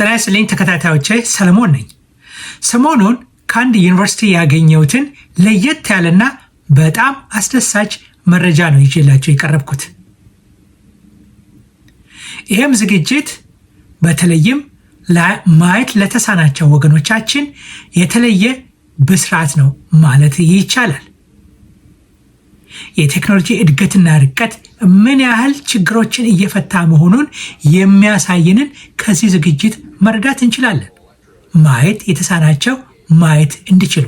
ጤና ይስጥልኝ ተከታታዮቼ፣ ሰለሞን ነኝ። ሰሞኑን ከአንድ ዩኒቨርሲቲ ያገኘሁትን ለየት ያለና በጣም አስደሳች መረጃ ነው ይዤላቸው የቀረብኩት። ይህም ዝግጅት በተለይም ማየት ለተሳናቸው ወገኖቻችን የተለየ ብስራት ነው ማለት ይቻላል። የቴክኖሎጂ እድገትና ርቀት ምን ያህል ችግሮችን እየፈታ መሆኑን የሚያሳይንን ከዚህ ዝግጅት መረዳት እንችላለን። ማየት የተሳናቸው ማየት እንዲችሉ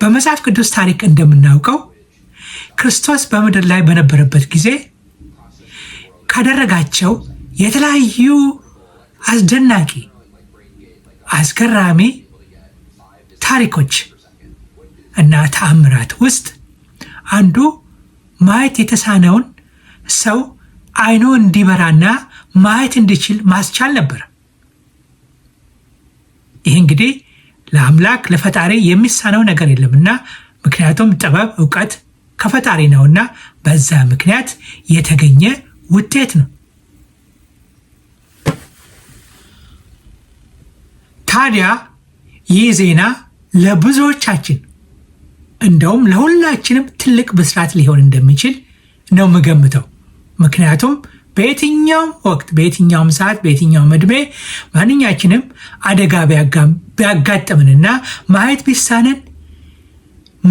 በመጽሐፍ ቅዱስ ታሪክ እንደምናውቀው ክርስቶስ በምድር ላይ በነበረበት ጊዜ ካደረጋቸው የተለያዩ አስደናቂ አስገራሚ ታሪኮች እና ተአምራት ውስጥ አንዱ ማየት የተሳነውን ሰው አይኖ እንዲበራና ማየት እንዲችል ማስቻል ነበር። ይህ እንግዲህ ለአምላክ ለፈጣሪ የሚሳነው ነገር የለም እና ምክንያቱም ጥበብ እውቀት ከፈጣሪ ነውና በዛ ምክንያት የተገኘ ውጤት ነው። ታዲያ ይህ ዜና ለብዙዎቻችን እንደውም ለሁላችንም ትልቅ ብስራት ሊሆን እንደሚችል ነው የምገምተው። ምክንያቱም በየትኛውም ወቅት፣ በየትኛውም ሰዓት፣ በየትኛውም እድሜ ማንኛችንም አደጋ ቢያጋጥምንና ማየት ቢሳንን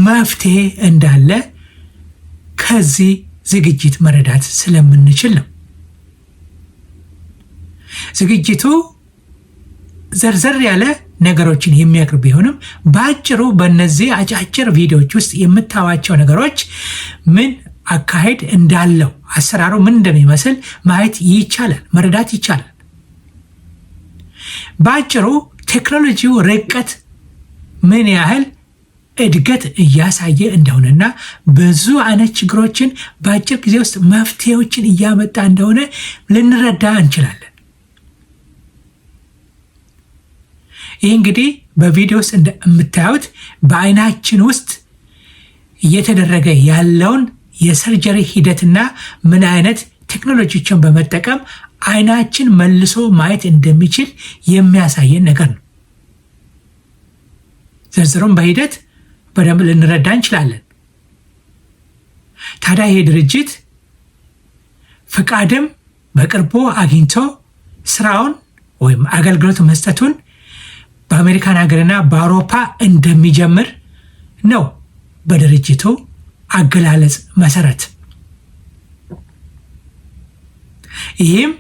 መፍትሄ እንዳለ ከዚህ ዝግጅት መረዳት ስለምንችል ነው። ዝግጅቱ ዘርዘር ያለ ነገሮችን የሚያቅርብ ቢሆንም በአጭሩ በነዚህ አጫጭር ቪዲዮዎች ውስጥ የምታዋቸው ነገሮች ምን አካሄድ እንዳለው አሰራሩ ምን እንደሚመስል ማየት ይቻላል፣ መረዳት ይቻላል። በአጭሩ ቴክኖሎጂው ርቀት ምን ያህል እድገት እያሳየ እንደሆነና ብዙ አይነት ችግሮችን በአጭር ጊዜ ውስጥ መፍትሄዎችን እያመጣ እንደሆነ ልንረዳ እንችላለን። ይህ እንግዲህ በቪዲዮ ውስጥ እንደምታዩት በአይናችን ውስጥ እየተደረገ ያለውን የሰርጀሪ ሂደትና ምን አይነት ቴክኖሎጂዎችን በመጠቀም አይናችን መልሶ ማየት እንደሚችል የሚያሳየን ነገር ነው። ዝርዝሩም በሂደት በደንብ ልንረዳ እንችላለን። ታዲያ ይሄ ድርጅት ፍቃድም በቅርቡ አግኝቶ ስራውን ወይም አገልግሎት መስጠቱን በአሜሪካን ሀገርና በአውሮፓ እንደሚጀምር ነው በድርጅቱ አገላለጽ መሰረት። ይህም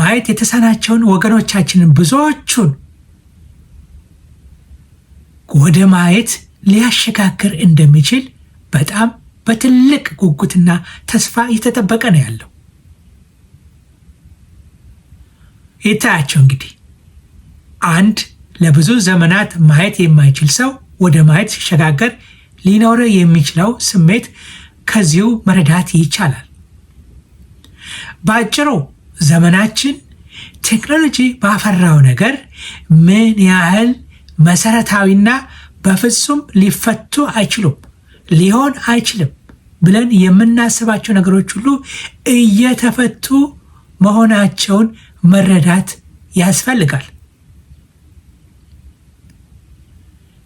ማየት የተሳናቸውን ወገኖቻችንን ብዙዎቹን ወደ ማየት ሊያሸጋግር እንደሚችል በጣም በትልቅ ጉጉትና ተስፋ እየተጠበቀ ነው ያለው። ይታያቸው እንግዲህ አንድ ለብዙ ዘመናት ማየት የማይችል ሰው ወደ ማየት ሲሸጋገር ሊኖር የሚችለው ስሜት ከዚሁ መረዳት ይቻላል። በአጭሩ ዘመናችን ቴክኖሎጂ ባፈራው ነገር ምን ያህል መሰረታዊና በፍጹም ሊፈቱ አይችሉም ሊሆን አይችልም ብለን የምናስባቸው ነገሮች ሁሉ እየተፈቱ መሆናቸውን መረዳት ያስፈልጋል።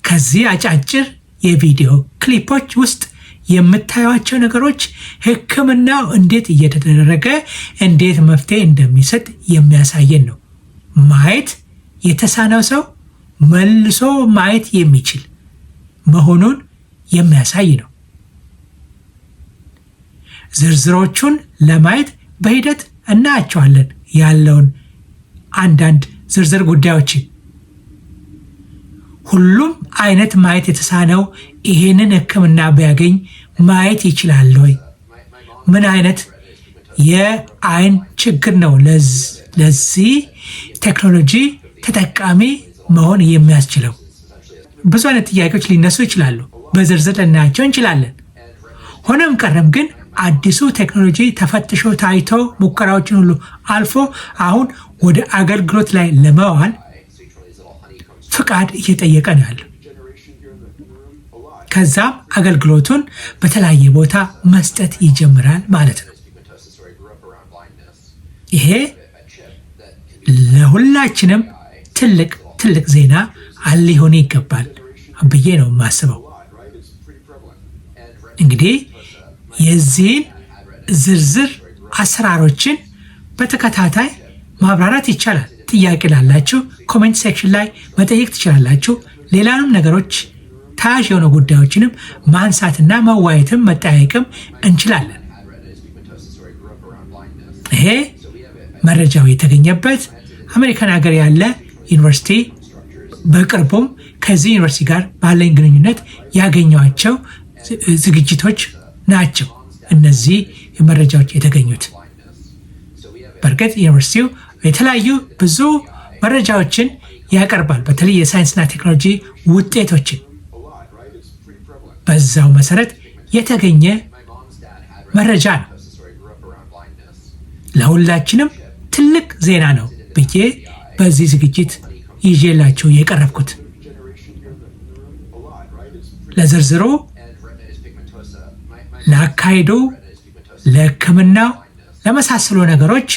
ከዚህ አጫጭር የቪዲዮ ክሊፖች ውስጥ የምታዩቸው ነገሮች ህክምናው እንዴት እየተደረገ እንዴት መፍትሄ እንደሚሰጥ የሚያሳየን ነው። ማየት የተሳነው ሰው መልሶ ማየት የሚችል መሆኑን የሚያሳይ ነው። ዝርዝሮቹን ለማየት በሂደት እናያቸዋለን ያለውን አንዳንድ ዝርዝር ጉዳዮችን ሁሉም አይነት ማየት የተሳነው ይሄንን ህክምና ቢያገኝ ማየት ይችላል ወይ? ምን አይነት የአይን ችግር ነው ለዚህ ቴክኖሎጂ ተጠቃሚ መሆን የሚያስችለው? ብዙ አይነት ጥያቄዎች ሊነሱ ይችላሉ። በዝርዝር ልናያቸው እንችላለን። ሆነም ቀረም ግን አዲሱ ቴክኖሎጂ ተፈትሾ ታይቶ ሙከራዎችን ሁሉ አልፎ አሁን ወደ አገልግሎት ላይ ለመዋል ፍቃድ እየጠየቀ ነው ያለው። ከዛም አገልግሎቱን በተለያየ ቦታ መስጠት ይጀምራል ማለት ነው። ይሄ ለሁላችንም ትልቅ ትልቅ ዜና አሊሆን ይገባል ብዬ ነው የማስበው። እንግዲህ የዚህን ዝርዝር አሰራሮችን በተከታታይ ማብራራት ይቻላል። ጥያቄ ላላችሁ ኮሜንት ሴክሽን ላይ መጠየቅ ትችላላችሁ። ሌላንም ነገሮች ታያዥ የሆነ ጉዳዮችንም ማንሳትና መዋየትም መጠያየቅም እንችላለን። ይሄ መረጃው የተገኘበት አሜሪካን ሀገር ያለ ዩኒቨርሲቲ በቅርቡም ከዚህ ዩኒቨርሲቲ ጋር ባለኝ ግንኙነት ያገኘኋቸው ዝግጅቶች ናቸው። እነዚህ መረጃዎች የተገኙት በእርግጥ ዩኒቨርሲቲው የተለያዩ ብዙ መረጃዎችን ያቀርባል። በተለይ የሳይንስና ቴክኖሎጂ ውጤቶችን በዛው መሰረት የተገኘ መረጃ ነው። ለሁላችንም ትልቅ ዜና ነው ብዬ በዚህ ዝግጅት ይዤላችሁ የቀረብኩት። ለዝርዝሩ፣ ለአካሄዱ፣ ለሕክምናው ለመሳሰሉ ነገሮች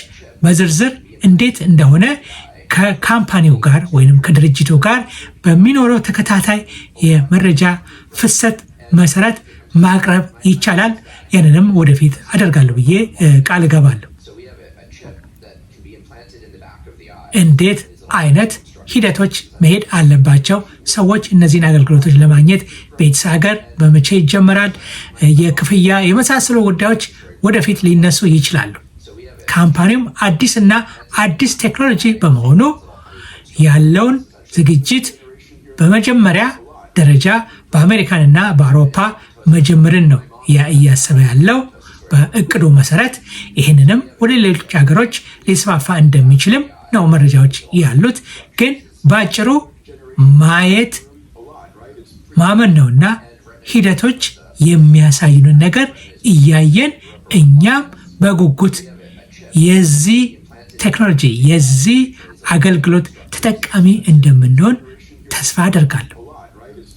በዝርዝር እንዴት እንደሆነ ከካምፓኒው ጋር ወይም ከድርጅቱ ጋር በሚኖረው ተከታታይ የመረጃ ፍሰት መሰረት ማቅረብ ይቻላል። ያንንም ወደፊት አደርጋለሁ ብዬ ቃል እገባለሁ። እንዴት አይነት ሂደቶች መሄድ አለባቸው? ሰዎች እነዚህን አገልግሎቶች ለማግኘት ቤትስ ሀገር በመቼ ይጀመራል? የክፍያ የመሳሰሉ ጉዳዮች ወደፊት ሊነሱ ይችላሉ። ካምፓኒውም አዲስ እና አዲስ ቴክኖሎጂ በመሆኑ ያለውን ዝግጅት በመጀመሪያ ደረጃ በአሜሪካንና በአውሮፓ መጀመርን ነው እያሰበ ያለው። በእቅዱ መሰረት ይህንንም ወደ ሌሎች ሀገሮች ሊስፋፋ እንደሚችልም ነው መረጃዎች ያሉት። ግን በአጭሩ ማየት ማመን ነውና ሂደቶች የሚያሳዩንን ነገር እያየን እኛም በጉጉት የዚህ ቴክኖሎጂ የዚህ አገልግሎት ተጠቃሚ እንደምንሆን ተስፋ አደርጋለሁ።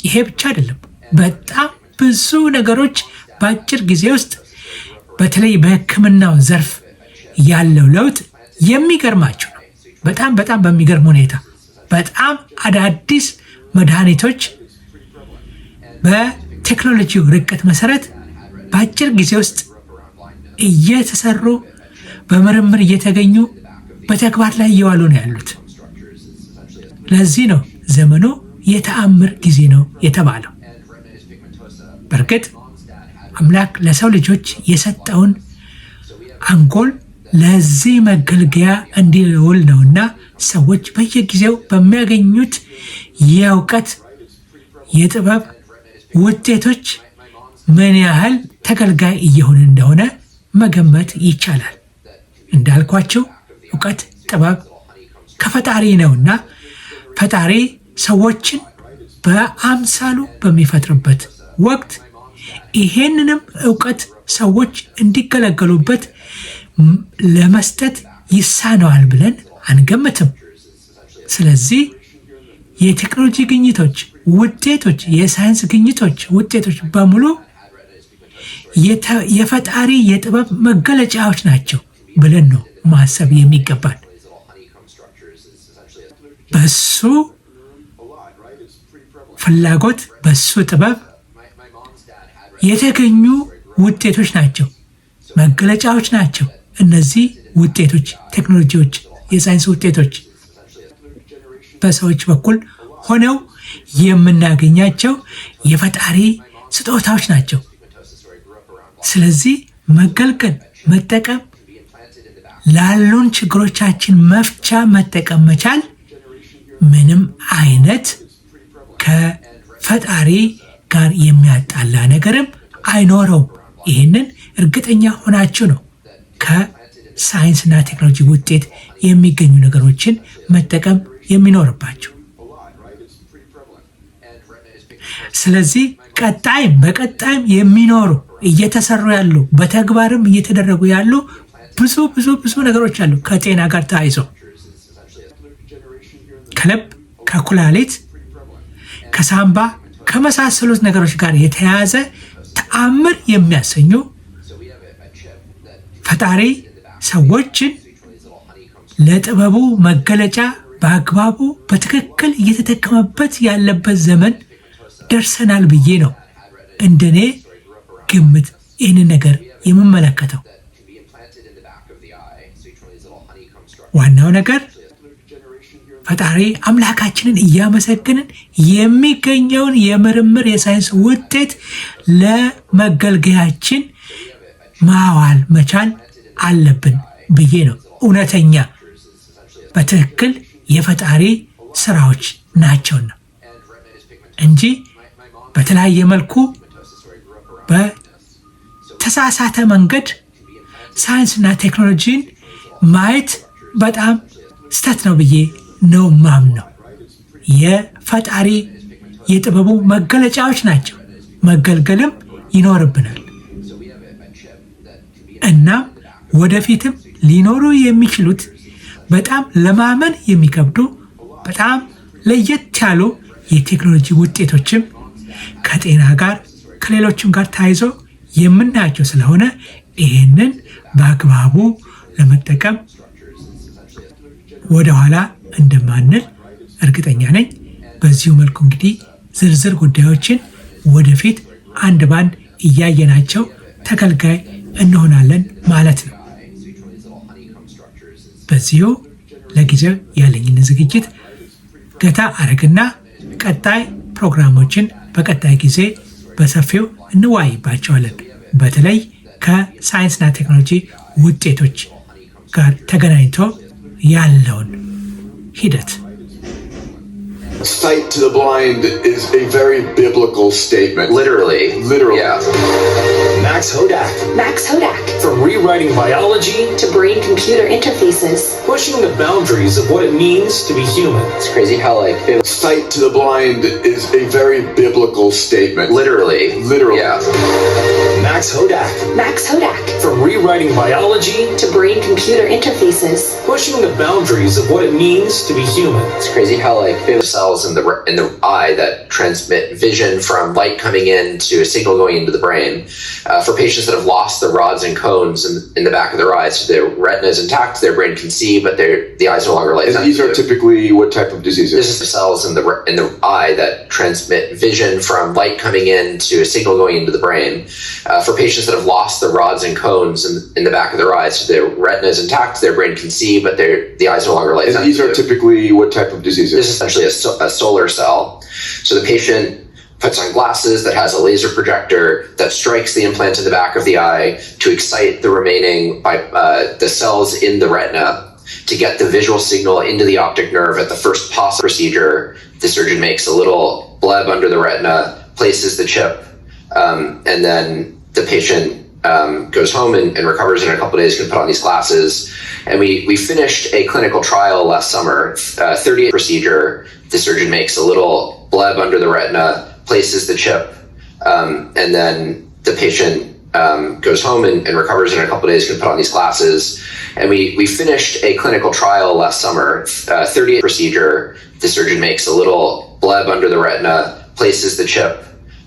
ይሄ ብቻ አይደለም፣ በጣም ብዙ ነገሮች በአጭር ጊዜ ውስጥ በተለይ በሕክምናው ዘርፍ ያለው ለውጥ የሚገርማቸው ነው። በጣም በጣም በሚገርም ሁኔታ በጣም አዳዲስ መድኃኒቶች በቴክኖሎጂው ርቀት መሰረት በአጭር ጊዜ ውስጥ እየተሰሩ በምርምር እየተገኙ በተግባር ላይ እየዋሉ ነው ያሉት። ለዚህ ነው ዘመኑ የተአምር ጊዜ ነው የተባለው። በእርግጥ አምላክ ለሰው ልጆች የሰጠውን አንጎል ለዚህ መገልገያ እንዲውል ነውና ሰዎች በየጊዜው በሚያገኙት የእውቀት የጥበብ ውጤቶች ምን ያህል ተገልጋይ እየሆነ እንደሆነ መገመት ይቻላል። እንዳልኳቸው እውቀት፣ ጥበብ ከፈጣሪ ነውና ፈጣሪ ሰዎችን በአምሳሉ በሚፈጥርበት ወቅት ይሄንንም እውቀት ሰዎች እንዲገለገሉበት ለመስጠት ይሳነዋል ብለን አንገምትም። ስለዚህ የቴክኖሎጂ ግኝቶች ውጤቶች፣ የሳይንስ ግኝቶች ውጤቶች በሙሉ የፈጣሪ የጥበብ መገለጫዎች ናቸው። ብለን ነው ማሰብ የሚገባል። በሱ ፍላጎት በሱ ጥበብ የተገኙ ውጤቶች ናቸው፣ መገለጫዎች ናቸው። እነዚህ ውጤቶች፣ ቴክኖሎጂዎች፣ የሳይንስ ውጤቶች በሰዎች በኩል ሆነው የምናገኛቸው የፈጣሪ ስጦታዎች ናቸው። ስለዚህ መገልገል፣ መጠቀም ላሉን ችግሮቻችን መፍቻ መጠቀም መቻል ምንም አይነት ከፈጣሪ ጋር የሚያጣላ ነገርም አይኖረውም። ይህንን እርግጠኛ ሆናችሁ ነው ከሳይንስና ቴክኖሎጂ ውጤት የሚገኙ ነገሮችን መጠቀም የሚኖርባቸው ስለዚህ ቀጣይም በቀጣይም የሚኖሩ እየተሰሩ ያሉ በተግባርም እየተደረጉ ያሉ ብዙ ብዙ ብዙ ነገሮች አሉ ከጤና ጋር ተያይዘው ከልብ፣ ከኩላሊት፣ ከሳምባ ከመሳሰሉት ነገሮች ጋር የተያያዘ ተአምር የሚያሰኙ ፈጣሪ ሰዎችን ለጥበቡ መገለጫ በአግባቡ በትክክል እየተጠቀመበት ያለበት ዘመን ደርሰናል ብዬ ነው እንደኔ ግምት ይህንን ነገር የምመለከተው። ዋናው ነገር ፈጣሪ አምላካችንን እያመሰገንን የሚገኘውን የምርምር የሳይንስ ውጤት ለመገልገያችን ማዋል መቻል አለብን ብዬ ነው። እውነተኛ በትክክል የፈጣሪ ስራዎች ናቸውና እንጂ በተለያየ መልኩ በተሳሳተ መንገድ ሳይንስና ቴክኖሎጂን ማየት በጣም ስተት ነው ብዬ ነው ማም ነው። የፈጣሪ የጥበቡ መገለጫዎች ናቸው። መገልገልም ይኖርብናል። እናም ወደፊትም ሊኖሩ የሚችሉት በጣም ለማመን የሚከብዱ በጣም ለየት ያሉ የቴክኖሎጂ ውጤቶችም ከጤና ጋር ከሌሎችም ጋር ተያይዞ የምናያቸው ስለሆነ ይህንን በአግባቡ ለመጠቀም ወደኋላ እንደማንል እርግጠኛ ነኝ። በዚሁ መልኩ እንግዲህ ዝርዝር ጉዳዮችን ወደፊት አንድ ባንድ እያየናቸው ተገልጋይ እንሆናለን ማለት ነው። በዚሁ ለጊዜው ያለኝን ዝግጅት ገታ አረግና ቀጣይ ፕሮግራሞችን በቀጣይ ጊዜ በሰፊው እንወያይባቸዋለን። በተለይ ከሳይንስና ቴክኖሎጂ ውጤቶች ጋር ተገናኝቶ ያለውን ሂደት Sight to the blind is a very biblical statement. Literally. Literally. Yeah. Max Hodak. Max Hodak. From rewriting biology to brain computer interfaces. Pushing the boundaries of what it means to be human. It's crazy how, like, sight to the blind is a very biblical statement. Literally. Literally. Yeah. Max Hodak. Max Hodak. From rewriting biology to brain computer interfaces, pushing the boundaries of what it means to be human. It's crazy how like cells in the in the eye that transmit vision from light coming in to a signal going into the brain. Uh, for patients that have lost the rods and cones in, in the back of their eyes, so their retina is intact, their brain can see, but their the eyes no longer light. And these are typically what type of diseases? This is the cells in the in the eye that transmit vision from light coming in to a signal going into the brain. Uh, for for patients that have lost the rods and cones in, in the back of their eyes. So their retina is intact, their brain can see, but their the eyes no longer light. And these are typically what type of diseases? This is essentially a, a solar cell. So the patient puts on glasses that has a laser projector that strikes the implant in the back of the eye to excite the remaining by uh, the cells in the retina to get the visual signal into the optic nerve at the first possible procedure. The surgeon makes a little bleb under the retina, places the chip, um, and then the patient um, goes home and, and, recovers in a couple days, can put on these glasses. And we, we finished a clinical trial last summer, uh, 38 procedure. The surgeon makes a little bleb under the retina, places the chip, um, and then the patient um, goes home and, and, recovers in a couple days, can put on these glasses. And we, we finished a clinical trial last summer, uh, 38 procedure. The surgeon makes a little bleb under the retina, places the chip,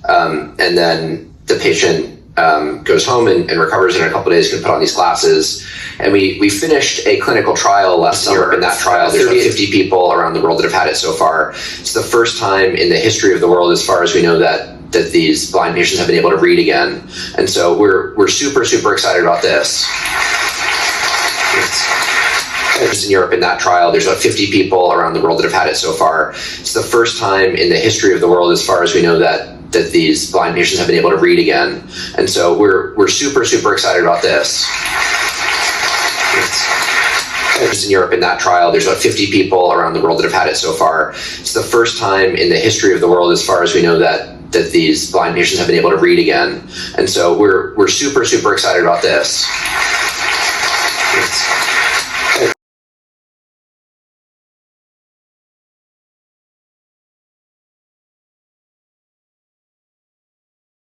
um, and then the patient um, goes home and, and, recovers in a couple days, can put on these glasses, And we, we finished a clinical trial last summer. In that trial, there's like 50 people around the world that have had it so far. It's the first time in the history of the world, as far as we know, that that these blind patients have been able to read again. And so we're we're super super excited about this. It's in Europe in that trial. There's about 50 people around the world that have had it so far. It's the first time in the history of the world, as far as we know, that that these blind patients have been able to read again. And so we're we're super super excited about this. It's in Europe in that trial. There's about 50 people around the world that have had it so far. It's the first time in the history of the world, as far as we know, that that these blind patients have been able to read again. And so we're we're super super excited about this. It's,